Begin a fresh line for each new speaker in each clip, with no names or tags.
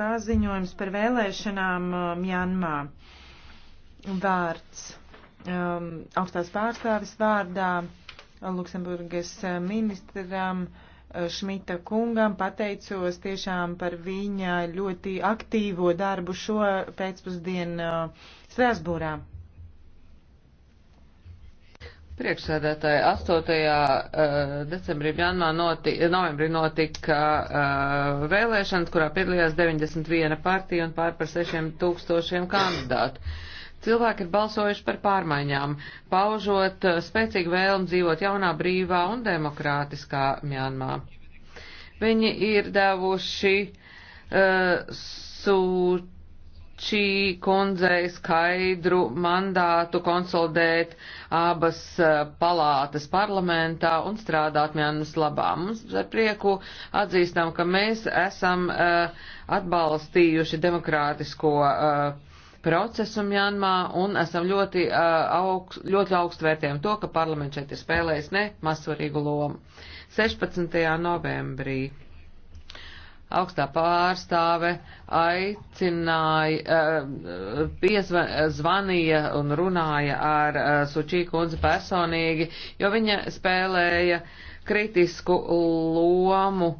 Paziņojums par vēlēšanām uh, Mjanmā. Vārds um, augstās pārstāvis vārdā Luksemburgas uh, ministram uh, Šmita kungam pateicos tiešām par viņa ļoti aktīvo darbu šo pēcpusdienu Strasbūrā.
Priekšsēdētāji, 8. Eh, decembrī Mjanmā noti, novembrī notika uh, vēlēšanas, kurā piedalījās 91 partija un pār par 6 tūkstošiem kandidātu. Cilvēki ir balsojuši par pārmaiņām, paužot eh, spēcīgu vēlmu dzīvot jaunā brīvā un demokrātiskā Mjanmā. Viņi ir devuši uh, sūt Čī kundzei skaidru mandātu konsolidēt abas eh, palātas parlamentā un strādāt vienas labā. Mums ar prieku atzīstam, ka mēs esam uh, atbalstījuši demokrātisko uh, procesu Mjanmā un esam ļoti, uh, augst, ļoti augstu vērtējam to, ka parlaments šeit ir spēlējis ne mazsvarīgu lomu. 16. novembrī augstā pārstāve aicināja, eh, piezvanīja un runāja ar eh, Sučī kundzi personīgi, jo viņa spēlēja kritisku lomu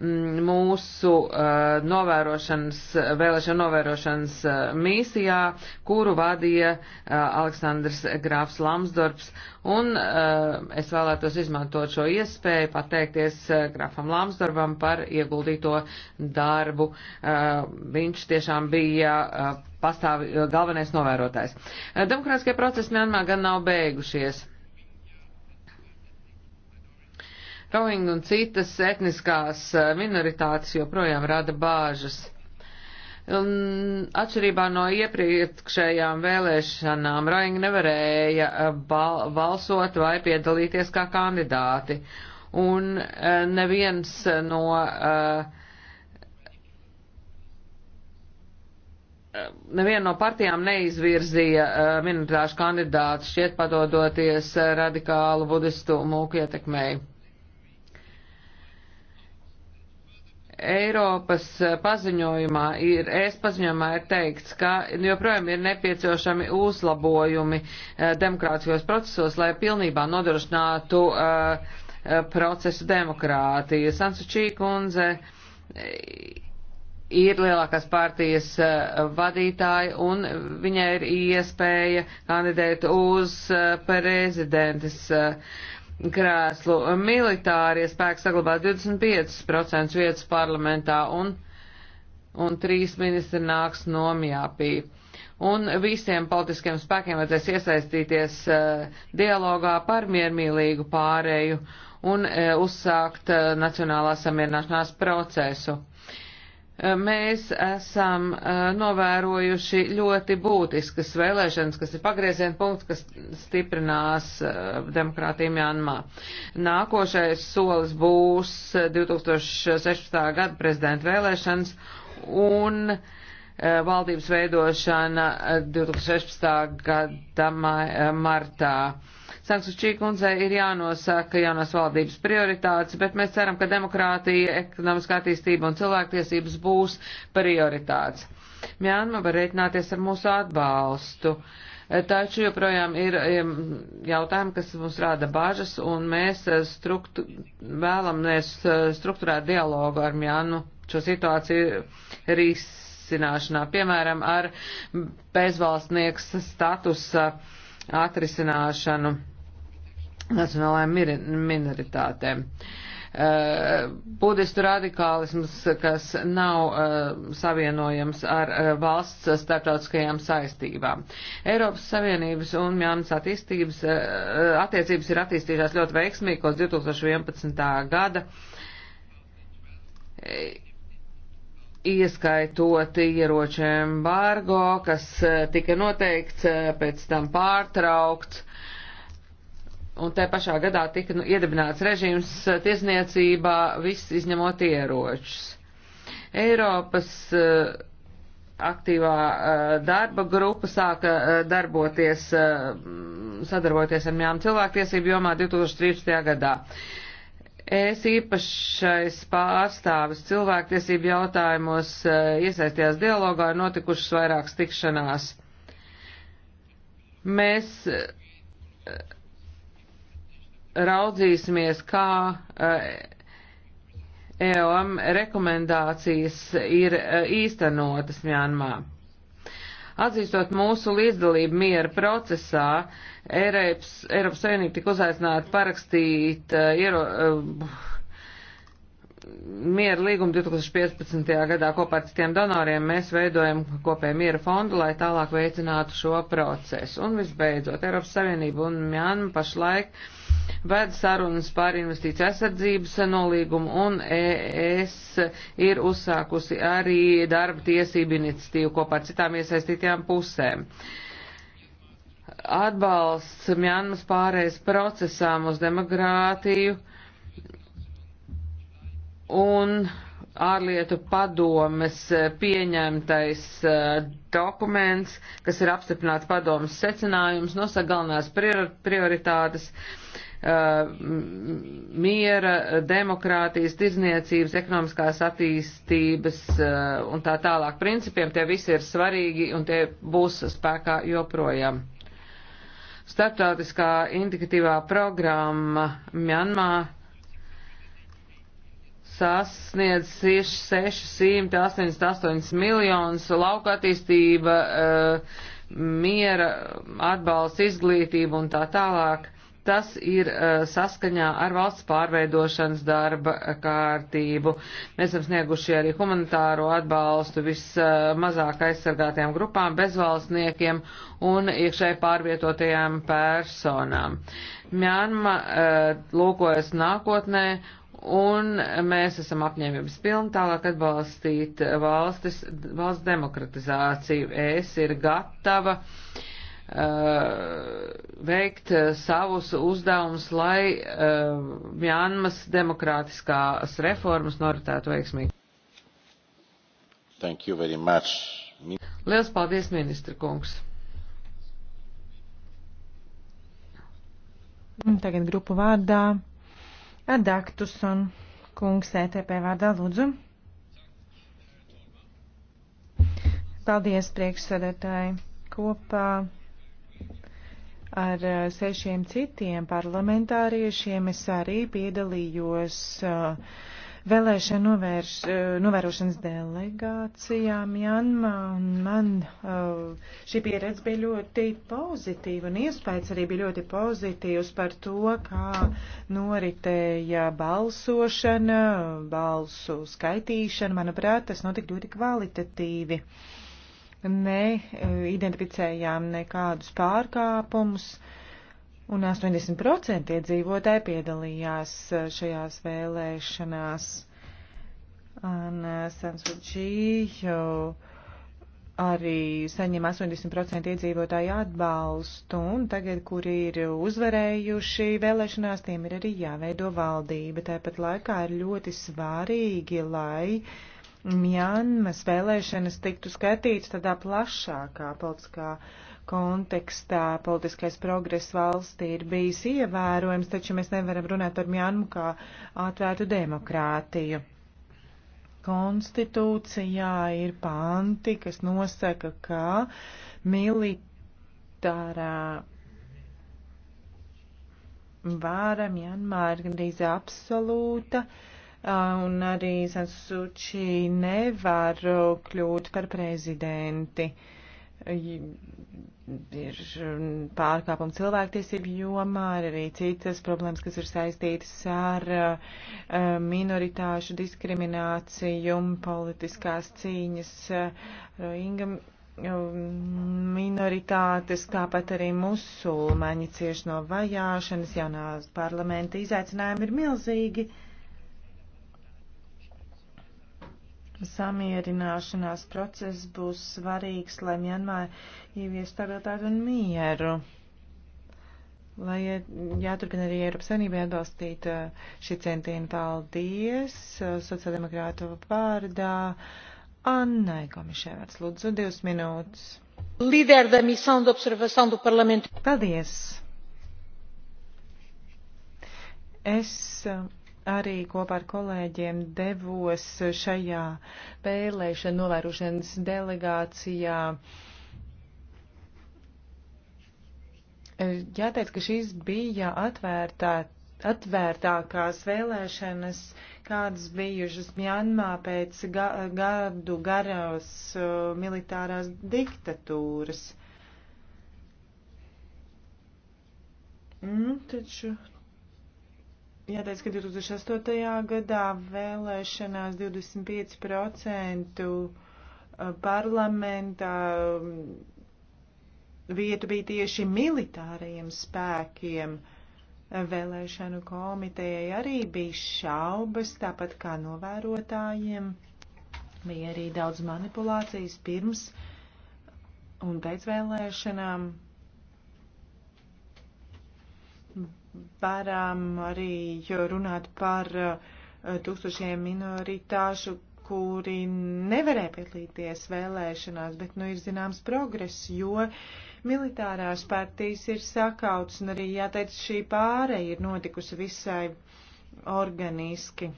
Mm, mūsu uh, novērošanas, vēlēšana novērošanas uh, misijā, kuru vadīja uh, Aleksandrs Grāfs Lamsdorps. Un es vēlētos izmantot šo iespēju pateikties Grāfam Lamsdorpam par ieguldīto darbu. Viņš tiešām bija pastāvi galvenais novērotājs. Demokrātiskie procesi Mianmā gan nav beigušies. Rohing un citas etniskās eh, minoritātes joprojām rada bāžas. Un atšķirībā no iepriekšējām vēlēšanām, Roing nevarēja eh, bal balsot vai piedalīties kā kandidāti. Un eh, neviens no Neviena no partijām neizvirzīja minoritāšu kandidātu, šķiet padodoties radikālu budistu mūku ietekmēji. Eiropas eh, paziņojumā ir, es paziņojumā ir teikts, ka joprojām ir nepieciešami uzlabojumi eh, demokrātiskos procesos, lai pilnībā nodrošinātu eh, procesu demokrātiju. Sansučī kundze ir lielākās partijas vadītāja un viņai ir iespēja kandidēt uz prezidentas krēslu. Militārie spēki saglabās 25% vietas parlamentā un, un trīs ministri nāks no Mjāpī. Un visiem politiskiem spēkiem vajadzēs iesaistīties uh, dialogā par miermīlīgu pārēju un uh, uzsākt uh, eh, nacionālā samierināšanās procesu. Uh, mēs esam eh, novērojuši ļoti būtiskas vēlēšanas, kas ir pagrieziena punkts, kas stiprinās eh, demokrātiju Janmā. Nākošais solis būs 2016. Eh, gada prezidenta vēlēšanas un valdības veidošana 2016. gada martā. Sanksučī kundze ir jānosaka jaunās valdības prioritātes, bet mēs ceram, ka demokrātija, ekonomiskā attīstība un cilvēktiesības būs prioritātes. Mjānma var rēķināties ar mūsu atbalstu. Taču joprojām ir jautājumi, kas mums rāda bažas, un mēs eh, struktu, vēlamies eh, strukturēt dialogu ar Mjānu šo situāciju risināšanā, piemēram, ar bezvalstnieks statusa atrisināšanu nacionālajām minoritātēm. Eh, budistu radikālisms, kas nav eh, savienojams ar eh, valsts starptautiskajām saistībām. Eiropas Savienības un Mjānas attīstības attiecības ir attīstījušās ļoti veiksmīgi kopš 2011. gada ieskaitot ieroču embargo, kas tika noteikts, pēc tam pārtraukts Un tajā pašā gadā tika nu, iedibināts režīms eh, tiesniecībā, viss izņemot ieročus. Eiropas uh, aktīvā uh, darba grupa sāka uh, darboties, sadarboties ar mjām cilvēktiesību jomā 2013. gadā. Es īpašais pārstāvis cilvēktiesību jautājumos iesaistījās dialogā, ir notikušas vairākas tikšanās. Mēs raudzīsimies, kā EOM eh, e rekomendācijas ir eh, īstenotas Mjanmā. Atzīstot mūsu līdzdalību miera procesā, Eiropas, Eiropas Savienība tika uzaicināta parakstīt uh, iero, uh, miera līgumu 2015. gadā kopā ar citiem donoriem mēs veidojam kopēju miera fondu, lai tālāk veicinātu šo procesu. Un visbeidzot, Eiropas Savienība un Mjanma pašlaik ved sarunas par investīciju aizsardzības nolīgumu un ES ir uzsākusi arī darba tiesību iniciatīvu kopā ar citām iesaistītajām pusēm. Atbalsts Mjanmas pārējais procesām uz demokrātiju un ārlietu padomes pieņemtais eh, dokuments, kas ir apstiprināts padomes secinājums, nosaka galvenās prioritātes eh, miera, demokrātijas, tirzniecības, ekonomiskās attīstības eh, un tā tālāk principiem. Tie visi ir svarīgi un tie būs spēkā joprojām. Startautiskā indikatīvā programma Mjanmā sasniedz 688 miljonus, lauka attīstība, eh, miera, atbalsts, izglītība un tā tālāk. Tas ir eh, saskaņā ar valsts pārveidošanas darba kārtību. Mēs esam snieguši arī humanitāro atbalstu vismazāk aizsargātajām grupām, bezvalstniekiem un iekšēji pārvietotajām personām. Mjanma eh, lūkojas nākotnē un mēs esam apņēmības pilni tālāk atbalstīt valstis, valsts demokratizāciju. Es ir gatava uh, veikt savus uzdevumus, lai uh, Mjānmas demokrātiskās reformas noritētu veiksmīgi.
Thank you very much. Liels
paldies, ministra kungs. Tagad grupu vārdā. Adaktus
un kungs ETP vārdā lūdzu. Paldies, priekšsēdētāji. Kopā ar eh, sešiem citiem parlamentāriešiem es arī piedalījos uh, vēlēšana novērš, eh, novērošanas delegācijām Janmā, un man eh, šī pieredze bija ļoti pozitīva, un iespējas arī bija ļoti pozitīvs par to, kā noritēja balsošana, balsu skaitīšana. Manuprāt, tas notika ļoti kvalitatīvi. Neidentificējām eh, nekādus pārkāpumus. Uh, un 80% iedzīvotāji piedalījās eh, šajās vēlēšanās. Un eh, Sansuģī arī saņem 80% iedzīvotāju atbalstu, un tagad, kuri ir uzvarējuši vēlēšanās, tiem ir arī jāveido valdība. Tāpat laikā ir ļoti svārīgi, lai Mjanmas vēlēšanas tiktu skatīts tādā plašākā politiskā uh, kontekstā politiskais progress valstī ir bijis ievērojams, taču mēs nevaram runāt par Mjanmu kā atvērtu demokrātiju. Konstitūcijā ir panti, kas nosaka, ka militārā vāra Mjanmā ir gandrīz absolūta un arī Sansuči nevar kļūt par prezidenti. Uh, ir pārkāpumi cilvēktiesību jomā, ir arī citas problēmas, kas ir saistītas ar eh, minoritāšu diskrimināciju, politiskās cīņas, Rohinga eh, mm, minoritātes, tāpat arī musulmaņi cieši no vajāšanas, jaunās parlamenta izaicinājumi ir milzīgi. samierināšanās process būs svarīgs, lai Mjanmā ievies stabilitāti un mieru. Lai jāturpina arī Eiropas Savienībai atbalstīt eh, šī centiena. Paldies! Eh, sociāldemokrātu vārdā Annai Komišēvērts. Lūdzu, divas minūtes.
Līder da misão de observação do parlamento.
Paldies! Es. Uh, arī kopā ar kolēģiem devos šajā vēlēšana novērošanas delegācijā. Jāteic, ka šīs bija atvērtā, atvērtākās vēlēšanas, kādas bijušas Mjanmā pēc ga, gadu garās uh, militārās diktatūras. Nu, taču Jāteic, ka 2008. gadā vēlēšanās 25% parlamentā vietu bija tieši militārajiem spēkiem. Vēlēšanu komitejai arī bija šaubas, tāpat kā novērotājiem. Bija arī daudz manipulācijas pirms un pēc vēlēšanām. varam arī runāt par eh, tūkstošiem minoritāšu, kuri nevarēja piedalīties vēlēšanās, bet nu ir zināms progress, jo militārās partijas ir sakauts un arī jāteic šī pāreja ir notikusi visai organiski.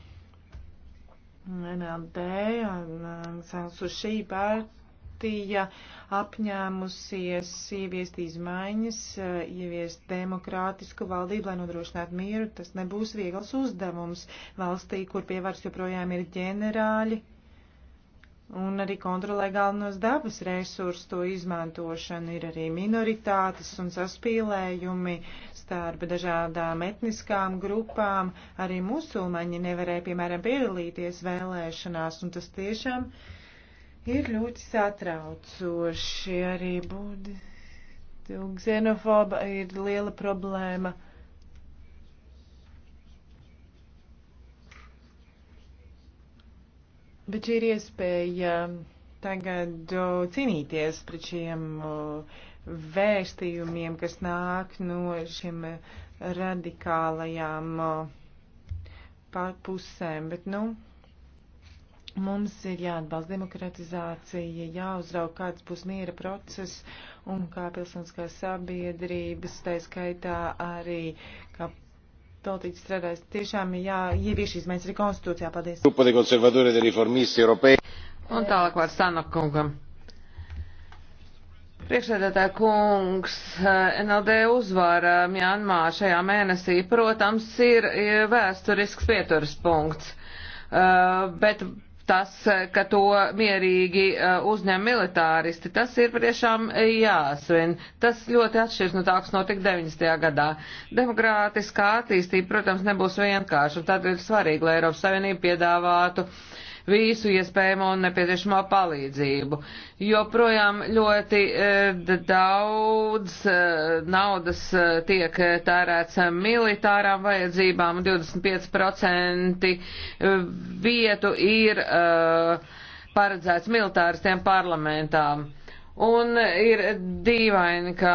NLD un eh, Sansušī partija partija apņēmusies ieviest izmaiņas, eh, ieviest demokrātisku valdību, lai nodrošinātu mieru. Tas nebūs viegls uzdevums valstī, kur pievars joprojām ir ģenerāļi un arī kontrolē galvenos dabas resursu to izmantošanu. Ir arī minoritātes un saspīlējumi starp dažādām etniskām grupām. Arī musulmaņi nevarēja, piemēram, piedalīties vēlēšanās, un tas tiešām uh, ir ļoti satraucoši arī būdi. Xenofoba ir liela problēma. Bet šī ir iespēja tagad cīnīties pret šiem vēstījumiem, kas nāk no šiem radikālajām pusēm. Bet, nu, Mums ir jāatbalsta demokratizācija, jāuzrauk, kāds būs miera process un kā pilsoniskās sabiedrības, tā skaitā arī, kā politiķi strādājas, tiešām ir jāievieš
izmaiņas arī konstitūcijā.
Paldies.
Un tālāk var Sanakungam. Priekšsēdētāja kungs, NLD uzvara Mjanmā šajā mēnesī, protams, ir vēsturisks pieturas punkts. Uh, bet tas, ka to mierīgi eh, uzņem militāristi, tas ir patiešām jāsvin. Tas ļoti atšķirs no tā, kas notika 90. gadā. Demokrātiskā attīstība, protams, nebūs vienkārša, un tad ir svarīgi, lai Eiropas Savienība piedāvātu uh, visu iespējamo un nepieciešamo palīdzību. Joprojām ļoti e, daudz e, naudas e, tiek tērēts militārām vajadzībām, 25% vietu ir paredzēts militāristiem parlamentām. Un ir dīvaini, ka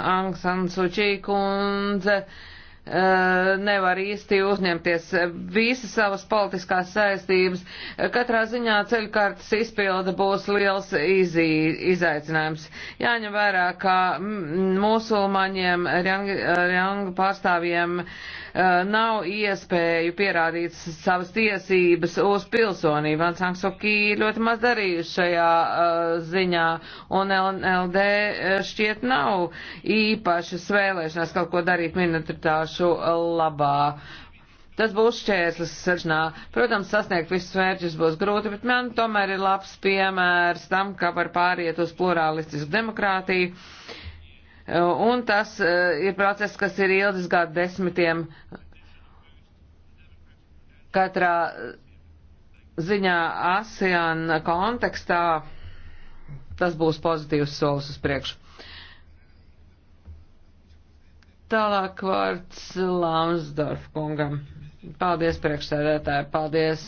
Angsans Učī kundze uh, Eh, nevar īsti uzņemties visas savas politiskās saistības. Katrā ziņā ceļkartes izpilda būs liels izī, izaicinājums. Jāņem vērā, ka musulmaņiem, rjanga pārstāvjiem uh, Eh, nav iespēju pierādīt savas tiesības uz pilsonību. Ansang Soki ļoti maz darījuši šajā eh, ziņā, un LNLD eh, šķiet nav īpašas vēlēšanās kaut ko darīt minoritāšu labā. Tas būs šķērslis saršanā. Protams, sasniegt visus mērķus būs grūti, bet man tomēr ir labs piemērs tam, kā var pāriet uz plurālistisku demokrātiju. Uh, Uh, un tas uh, ir process, kas ir ilgs gadu desmitiem. Katrā ziņā ASEAN kontekstā tas būs pozitīvs solis uz priekšu. Tālāk vārds Lamsdorf kungam. Paldies priekšsēdētāji, paldies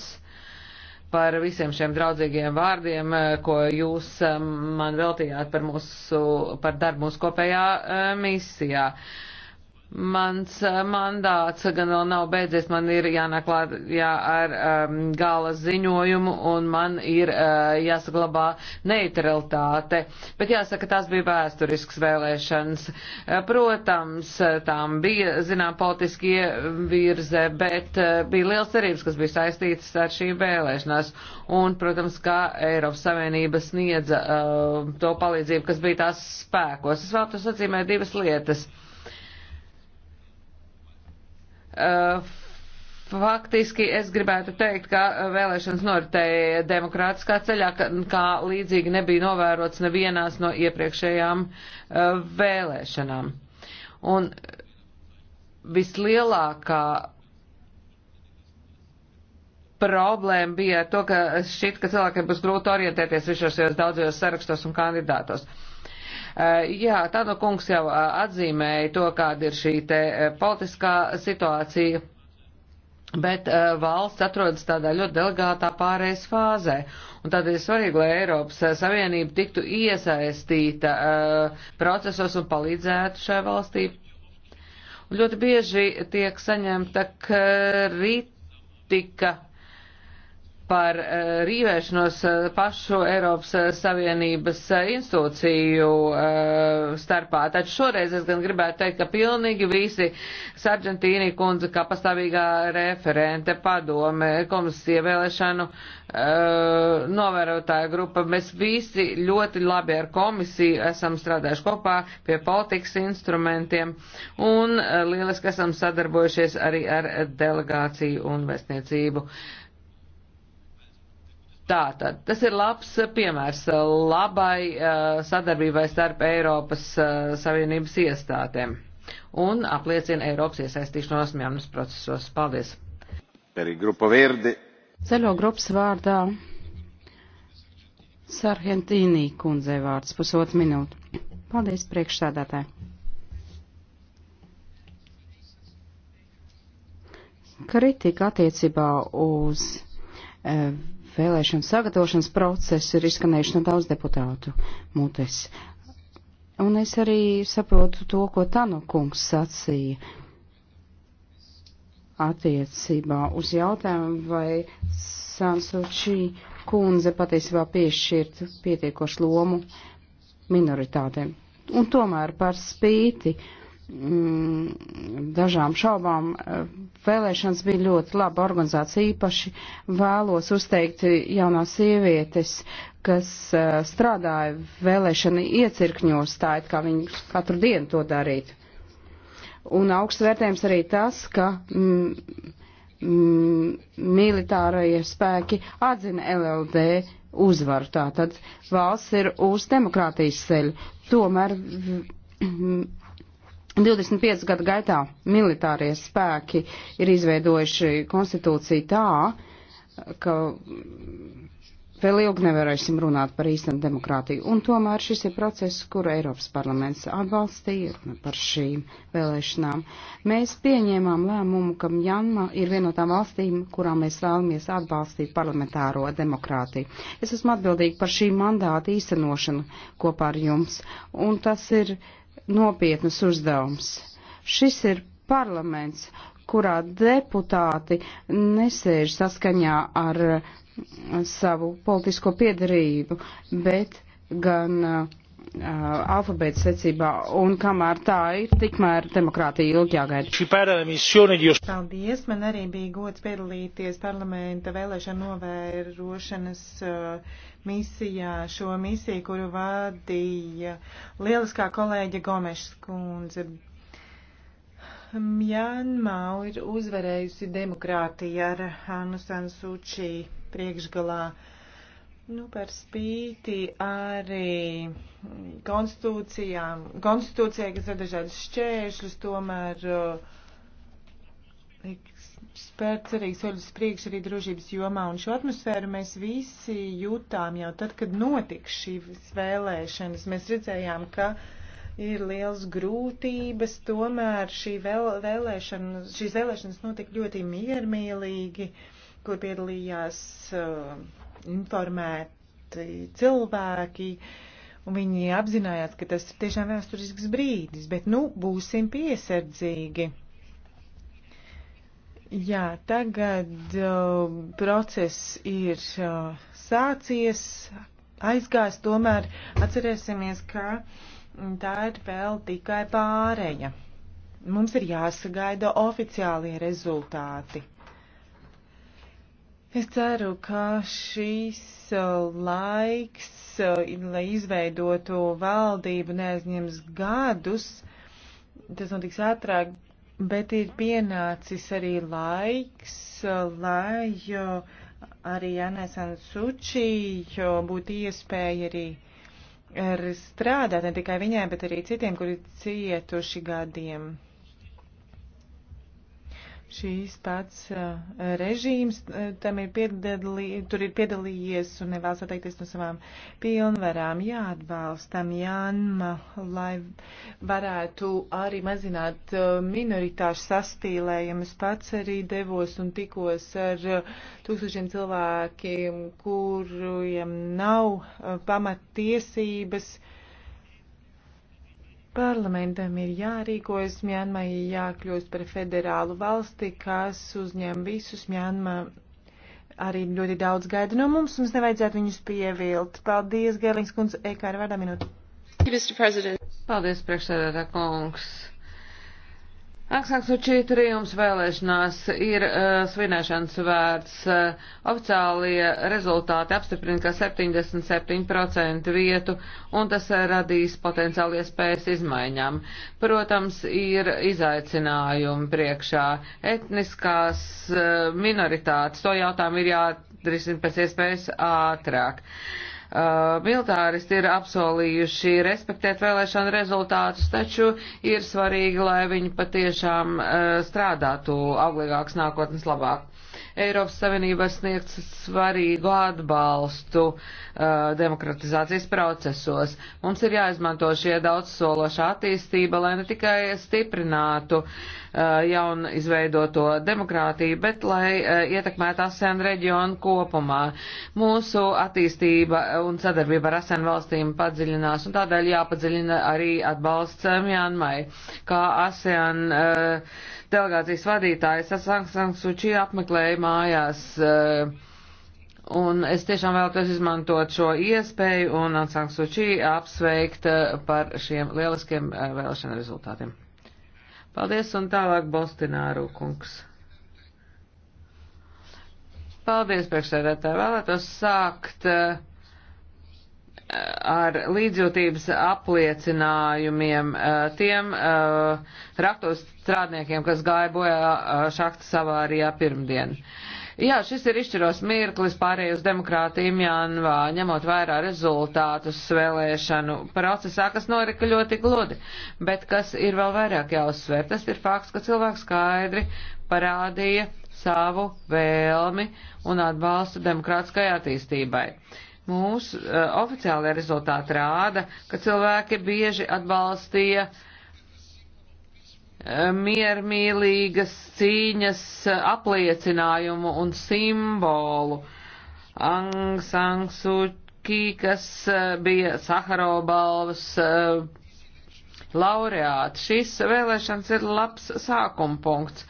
par visiem šiem draudzīgiem vārdiem, eh, ko jūs eh, man veltījāt par, mūsu, par darbu mūsu kopējā eh, misijā. Mans eh, mandāts gan vēl nav beidzies, man ir jānāk jā, ar um, gala ziņojumu un man ir uh, jāsaglabā neutralitāte. Bet jāsaka, tās bija vēsturisks vēlēšanas. Eh, protams, tām bija, zinām, politiskie virze, bet uh, bija liels cerības, kas bija saistītas ar šīm vēlēšanās. Un, protams, kā Eiropas Savienība sniedza uh, to palīdzību, kas bija tās spēkos. Es vēl tur sacīmēju divas lietas. Uh, Eh, faktiski es gribētu teikt, ka vēlēšanas noritēja demokrātiskā ceļā, kā līdzīgi nebija novērots nevienās no iepriekšējām eh, vēlēšanām. Un vislielākā problēma bija ar to, ka šķiet, ka cilvēkiem būs grūti orientēties visos šajos daudzajos sarakstos un kandidātos. Uh, Eh, jā, Tano kungs jau eh, atzīmēja to, kāda ir šī te eh, politiskā situācija, bet valsts atrodas tādā ļoti delegātā pārējais fāzē. Un tad ir svarīgi, lai Eiropas Savienība tiktu iesaistīta procesos un palīdzētu šai valstī. Un ļoti bieži tiek saņemta kritika par eh, rīvēšanos eh, pašu Eiropas eh, Savienības institūciju starpā. Taču šoreiz es gan gribētu teikt, ka pilnīgi visi Sargentīni kundze, kā pastāvīgā referente padome, komisijas ievēlēšanu novērotāja grupa, mēs visi ļoti labi ar komisiju esam strādājuši kopā pie politikas instrumentiem un lieliski esam sadarbojušies arī ar delegāciju un vēstniecību. Uh, Tātad, tas ir labs piemērs labai uh, sadarbībai starp Eiropas uh, Savienības iestādēm un apliecina Eiropas iesaistīšanos mjānus procesos. Paldies!
Ceļo grupas vārdā Sargentīnī kundzei vārds pusotru minūtu. Paldies priekšsādātāji! Kritika attiecībā uz uh, vēlēšana sagatavošanas process ir izskanējuši no daudz deputātu mutes. Un es arī saprotu to, ko Tano kungs sacīja attiecībā uz jautājumu, vai Sansuči kundze patiesībā piešķirt pietiekošu lomu minoritātēm. Un tomēr par spīti uh, Mm, dažām šaubām eh, vēlēšanas bija ļoti laba organizācija. Īpaši vēlos uzteikt jaunās sievietes, kas eh, strādāja vēlēšana iecirkņos, tā it kā viņi katru dienu to darītu. Un augsts vērtējums arī tas, ka mm, mm, militārie spēki atzina LLD uzvaru. Tātad valsts ir uz demokrātijas ceļu. Tomēr. Mm, 25 gadu gaitā militārie spēki ir izveidojuši konstitūciju tā, ka vēl ilgi nevarēsim runāt par īstenu demokrātiju. Un tomēr šis ir process, kuru Eiropas parlaments atbalstīja par šīm vēlēšanām. Mēs pieņēmām lēmumu, ka Mjanma ir viena no tām valstīm, kurām mēs vēlamies atbalstīt parlamentāro demokrātiju. Es esmu atbildīgi par šī mandāta īstenošanu kopā ar jums. Un tas ir nopietnas uzdevums. Šis ir parlaments, kurā deputāti nesēž saskaņā ar eh, savu politisko piedarību, bet gan uh, uh, alfabēta secībā, un kamēr tā ir, tikmēr demokrātija ilgi jāgaida.
Paldies, man arī bija gods piedalīties parlamenta vēlēšana novērošanas uh, misijā, šo misiju, kuru vadīja lieliskā kolēģa Gomeša skundze. Um, Mjanmā ir uzvarējusi demokrātija ar Anusan Suči priekšgalā. Uh, Nu, par spīti arī konstitūcijām, konstitūcijai, kas ir dažādas šķēršļus, tomēr uh, spērt cerīgs soļus priekš arī drošības jomā, un šo atmosfēru mēs visi jūtām jau tad, kad notika šīs vēlēšanas. Mēs redzējām, ka ir liels grūtības, tomēr šī vēl, vēlēšana, šīs vēlēšanas notika ļoti miermīlīgi, kur piedalījās uh, informēti cilvēki, un viņi apzinājās, ka tas ir tiešām vēsturisks brīdis, bet nu būsim piesardzīgi. Jā, tagad uh, process ir uh, sācies, aizgājis, tomēr atcerēsimies, ka tā ir vēl tikai pāreja. Mums ir jāsagaida oficiālie rezultāti. Es ceru, ka šīs uh, laiks, uh, lai izveidotu valdību, neaizņems gadus, tas notiks ātrāk, bet ir pienācis arī laiks, uh, lai arī Anesan Suči būtu iespēja arī ar strādāt ne tikai viņai, bet arī citiem, kuri cietuši gadiem šīs pats uh, režīms, uh, tam ir piedalī, tur ir piedalījies un nevēlas atteikties no savām pilnvarām. Jāatbalstam Janma, lai varētu arī mazināt uh, minoritāšu sastīlējumus. Pats arī devos un tikos ar tūkstošiem cilvēkiem, kuriem nav pamattiesības. tiesības Parlamentam ir jārīkojas, Mjanmai jākļūst par federālu valsti, kas uzņem visus Mjanmā. Arī ļoti daudz gaida no mums, mums nevajadzētu viņus pievilt. Paldies, Gerlings kundze, ekāri vārdā minūte.
Paldies, priekšsēdētā kungs. Aksāks Učī trijums vēlēšanās ir uh, svinēšanas vērts. Uh, oficiālie rezultāti apstiprina, ka 77% vietu, un tas uh, radīs potenciāli iespējas izmaiņām. Protams, ir izaicinājumi priekšā etniskās uh, minoritātes. To jautājumu ir jāatrisina pēc iespējas ātrāk. Uh, Uh, militāristi ir apsolījuši respektēt vēlēšanu rezultātus, taču ir svarīgi, lai viņi patiešām uh, strādātu auglīgāks nākotnes labāk. Eiropas Savienība sniegt svarīgu atbalstu uh, demokratizācijas procesos. Mums ir jāizmanto šie daudzsološa attīstība, lai ne tikai stiprinātu uh, Eh, jaunu izveidoto demokrātiju, bet lai eh, ietekmētu ASEAN reģionu kopumā. Mūsu attīstība un sadarbība ar ASEAN valstīm padziļinās, un tādēļ jāpadziļina arī atbalsts eh, Mjanmai, kā ASEAN delegācijas vadītājs Asang Sangsuči apmeklēja mājās. Un es tiešām vēlētos izmantot šo iespēju un Ansang Suči apsveikt par šiem lieliskiem vēlēšana rezultātiem. Paldies un tālāk Bostināru kungs. Paldies, priekšsēdētāji. Vēlētos sākt eh, ar līdzjūtības apliecinājumiem eh, tiem eh, raktos strādniekiem, kas gāja bojā šakta savārijā pirmdien. Jā, šis ir izšķiros mirklis pārējai uz demokrātijām janvā, nu ņemot vērā rezultātus vēlēšanu procesā, kas norika ļoti gludi. Bet kas ir vēl vairāk jāuzsver, tas ir fakts, ka cilvēks skaidri parādīja savu vēlmi un atbalstu demokrātiskai attīstībai. Mūsu uh, eh, oficiālajie rezultāti rāda, ka cilvēki bieži atbalstīja uh, miermīlīgas cīņas apliecinājumu un simbolu. Ang San Suu Kyi, kas eh, bija Saharo balvas eh, laureāts. Šis vēlēšanas ir labs sākuma punkts.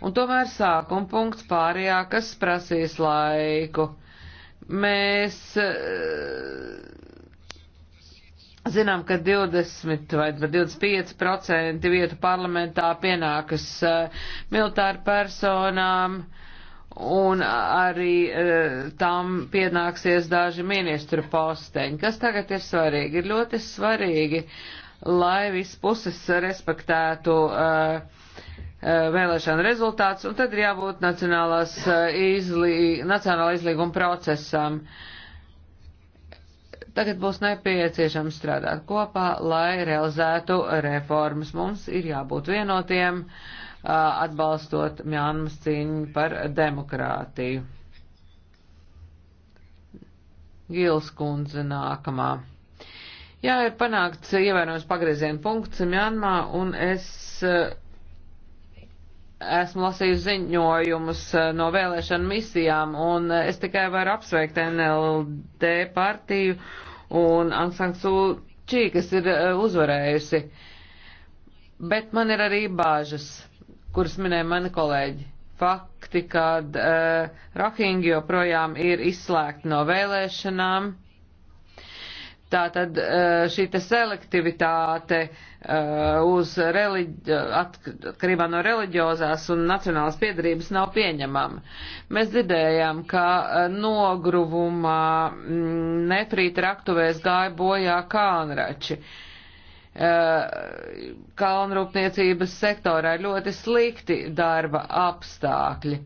Un tomēr sākuma punkts pārējā, kas prasīs laiku. Mēs eh, Zinām, ka 20 vai 25% vietu parlamentā pienākas uh, militāru personām, un arī uh, tam pienāksies daži ministru posteņi. Kas tagad ir svarīgi? Ir ļoti svarīgi, lai visas puses respektētu uh, eh, vēlēšana rezultāts, un tad ir jābūt nacionālās, izlī, nacionālā izlīguma procesam. Uh, Tagad būs nepieciešams strādāt kopā, lai realizētu reformas. Mums ir jābūt vienotiem, atbalstot Mjānmas cīņu par demokrātiju. Gils kundze nākamā. Jā, ir panākts ievērojams pagrieziena punkts Mjānmā, un es esmu lasījusi ziņojumus no vēlēšanu misijām, un es tikai varu apsveikt NLD partiju un Aung San Suu Kyi, kas ir e, uzvarējusi. Bet man ir arī bāžas, kuras minēja mani kolēģi. Fakti, kad uh, e, Rohingi joprojām ir izslēgti no vēlēšanām. Tātad uh, šī selektivitāte uh, Uh, uz reliģi, atkarībā no reliģiozās un nacionālas piedarības nav pieņemama. Mēs dzirdējām, ka uh, nogruvumā mm, nefrīta raktuvēs gāja bojā kalnrači. Uh, kalnrūpniecības sektorā ļoti slikti darba apstākļi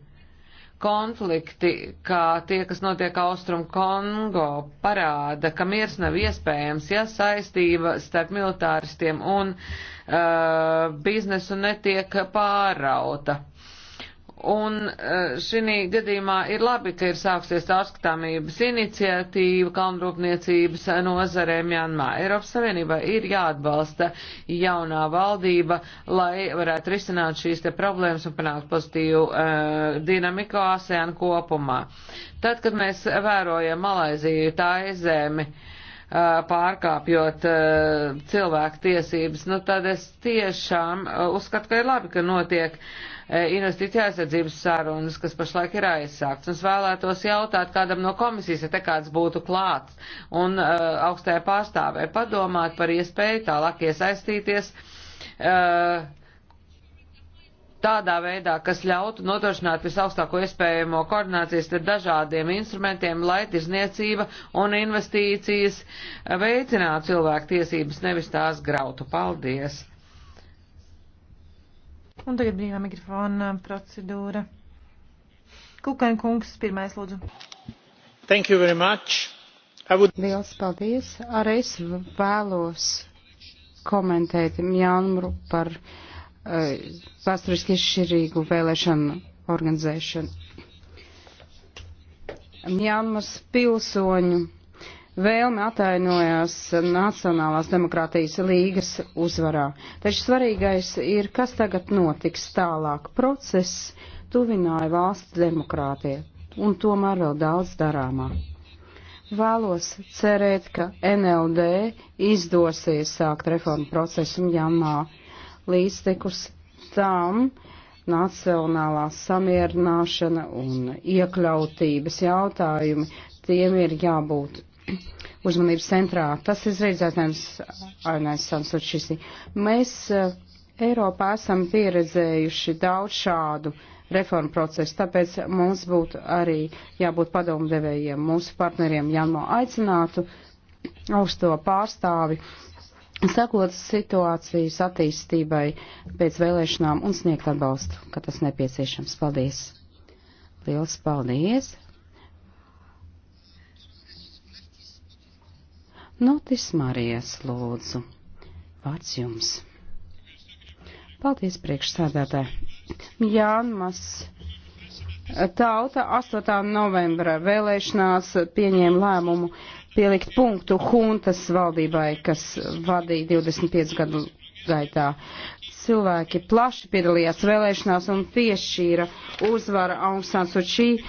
konflikti, kā tie, kas notiek Austrum Kongo, parāda, ka miers nav iespējams, ja saistība starp militāristiem un uh, biznesu netiek pārauta. Un eh, šī gadījumā ir labi, ka ir sāksies caurskatāmības iniciatīva kalnrūpniecības nozarē Mjanmā. Eiropas Savienībā ir jāatbalsta jaunā valdība, lai varētu risināt šīs te problēmas un panākt pozitīvu uh, dinamiku ASEAN kopumā. Tad, kad mēs vērojam Malaiziju, tā iezemi, uh, eh, pārkāpjot uh, cilvēku tiesības, nu tad es tiešām uh, uzskatu, ka ir labi, ka notiek uh, E, investīcija aizsardzības sarunas, kas pašlaik ir aizsākts. Un es vēlētos jautāt kādam no komisijas, ja te kāds būtu klāts un uh, augstajā pārstāvē padomāt par iespēju tālāk iesaistīties. Uh, tādā veidā, kas ļautu nodrošināt visaugstāko iespējamo koordinācijas ar dažādiem instrumentiem, lai tirzniecība un investīcijas veicinātu cilvēku tiesības, nevis tās grautu. Paldies!
Un tagad brīvā mikrofona procedūra. Kukaņa kungs, pirmais lūdzu.
Thank you very much. I would... Liels paldies. Arī es vēlos komentēt jaunumru par uh, vēsturiski izšķirīgu vēlēšanu organizēšanu. Mjānmas pilsoņu vēlme atainojās Nacionālās demokrātijas līgas uzvarā. Taču svarīgais ir, kas tagad notiks tālāk. Process tuvināja valsts demokrātie, un tomēr vēl daudz darāmā. Vēlos cerēt, ka NLD izdosies sākt reformu procesu Mjanmā līdz tikus tam nacionālā samierināšana un iekļautības jautājumi, tiem ir jābūt uzmanības centrā. Tas izraisa aicinājums Arnēs Sansučisi. Mēs eh, Eiropā esam pieredzējuši daudz šādu reformu procesu, tāpēc mums būtu arī jābūt padomdevējiem, mūsu partneriem jāno aicinātu augsto pārstāvi, sakot situācijas attīstībai pēc vēlēšanām un sniegt atbalstu, kad tas nepieciešams. Paldies! Liels paldies! Notis Marijas lūdzu. Vārds jums. Paldies priekšsādātāji. Jānmas tauta 8. novembra vēlēšanās pieņēma lēmumu pielikt punktu huntas valdībai, kas vadīja 25 gadu gaitā. Cilvēki plaši piedalījās vēlēšanās un piešķīra uzvara Aung San Suu Kyi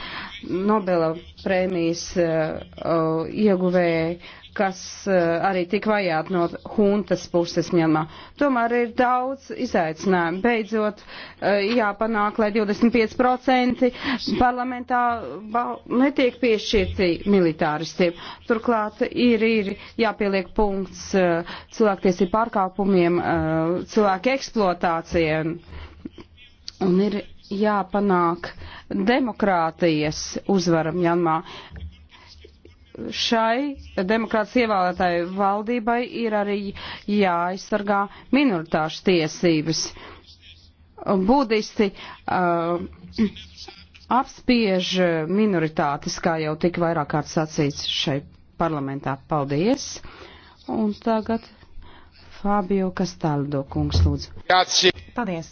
Nobela prēmijas uh, ieguvēja kas eh, arī tik vajāt no huntas puses ņemā. Tomēr ir daudz izaicinājumu. Beidzot, eh, jāpanāk, lai 25% parlamentā netiek piešķirti militāristiem. Turklāt ir, ir jāpieliek punkts eh, cilvēktiesību pārkāpumiem, cilvēku eksploatācijai. Un ir jāpanāk demokrātijas uzvara Mjanmā šai demokrātas ievēlētāju valdībai ir arī jāaizsargā minoritāšu tiesības. Budisti uh, apspiež minoritātes, kā jau tik vairāk kārt sacīts šai parlamentā. Paldies! Un tagad Fabio Kastaldo kungs lūdzu.
Paldies!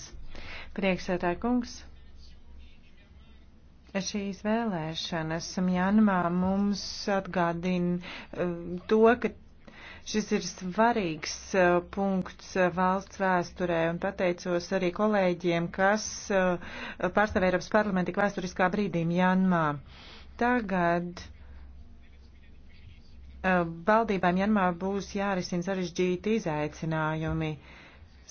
Priekšsētāji kungs! Šīs vēlēšanas Mjanmā mums atgādina uh, to, ka šis ir svarīgs uh, punkts uh, valsts vēsturē un pateicos arī kolēģiem, kas uh, pārstāv Eiropas parlamentu tik vēsturiskā brīdī Mjanmā. Tagad uh, valdībām Mjanmā būs jārisina sarežģīti izaicinājumi. Uh,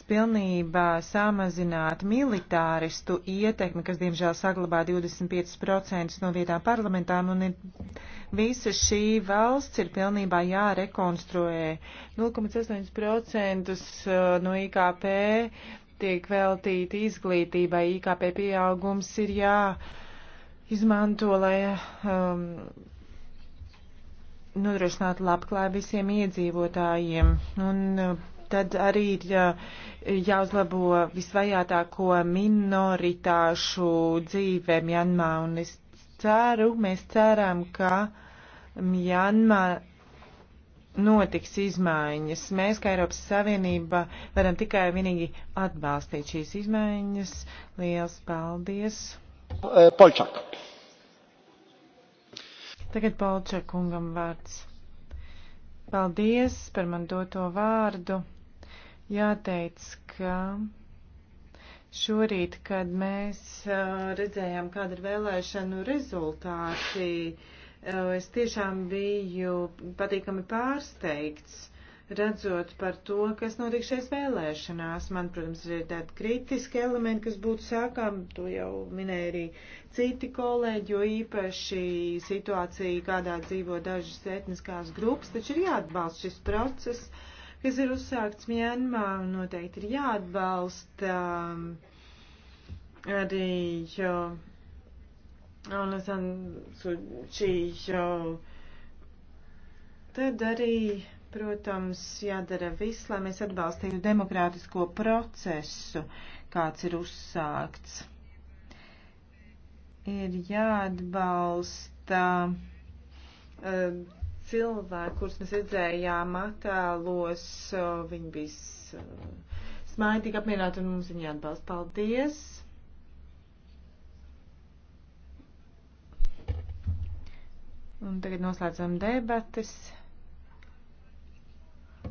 pilnībā samazināt militāristu ietekmi, kas diemžēl saglabā 25% no vietām parlamentām, un nu, ir, visa šī valsts ir pilnībā jārekonstruē. 0,8% uh, no IKP tiek veltīti izglītībai, IKP pieaugums ir jāizmanto, lai. Um, nodrošināt labklāju visiem iedzīvotājiem. Un uh, tad arī ir jā, jāuzlabo visvajātāko minoritāšu dzīvē Mjanmā, un es ceru, mēs ceram, ka Mjanmā notiks izmaiņas. Mēs, kā Eiropas Savienība, varam tikai vienīgi atbalstīt šīs izmaiņas. Liels paldies! Eh, Polčak. Tagad Polčak kungam vārds. Paldies par man doto vārdu jāteic, ka šorīt, kad mēs uh, redzējām, kāda ir vēlēšanu rezultāti, uh, es tiešām biju patīkami pārsteigts, redzot par to, kas notiek šais vēlēšanās. Man, protams, ir tādi kritiski elementi, kas būtu sākām, to jau minēja arī citi kolēģi, jo īpaši situācija, kādā dzīvo dažas etniskās grupas, taču ir jāatbalsta šis process kas ir uzsākts Mjanmā un noteikti ir jāatbalsta um, arī jo, un es šī jo, tad arī, protams, jādara viss, lai mēs atbalstītu demokrātisko procesu, kāds ir uzsākts. Ir jāatbalsta. Uh, um, cilvēki, kurus mēs redzējām attēlos, viņi bija smaidīgi apmierināti un mums viņi atbalsta. Paldies! Un tagad noslēdzam debatas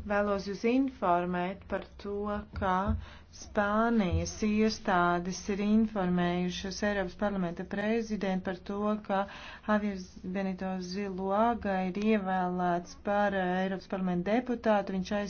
vēlos jūs informēt par to, ka Spānijas iestādes ir informējušas Eiropas parlamenta prezidentu par to, ka Javier Benito Ziluaga ir ievēlēts par Eiropas parlamenta deputātu. Viņš aiz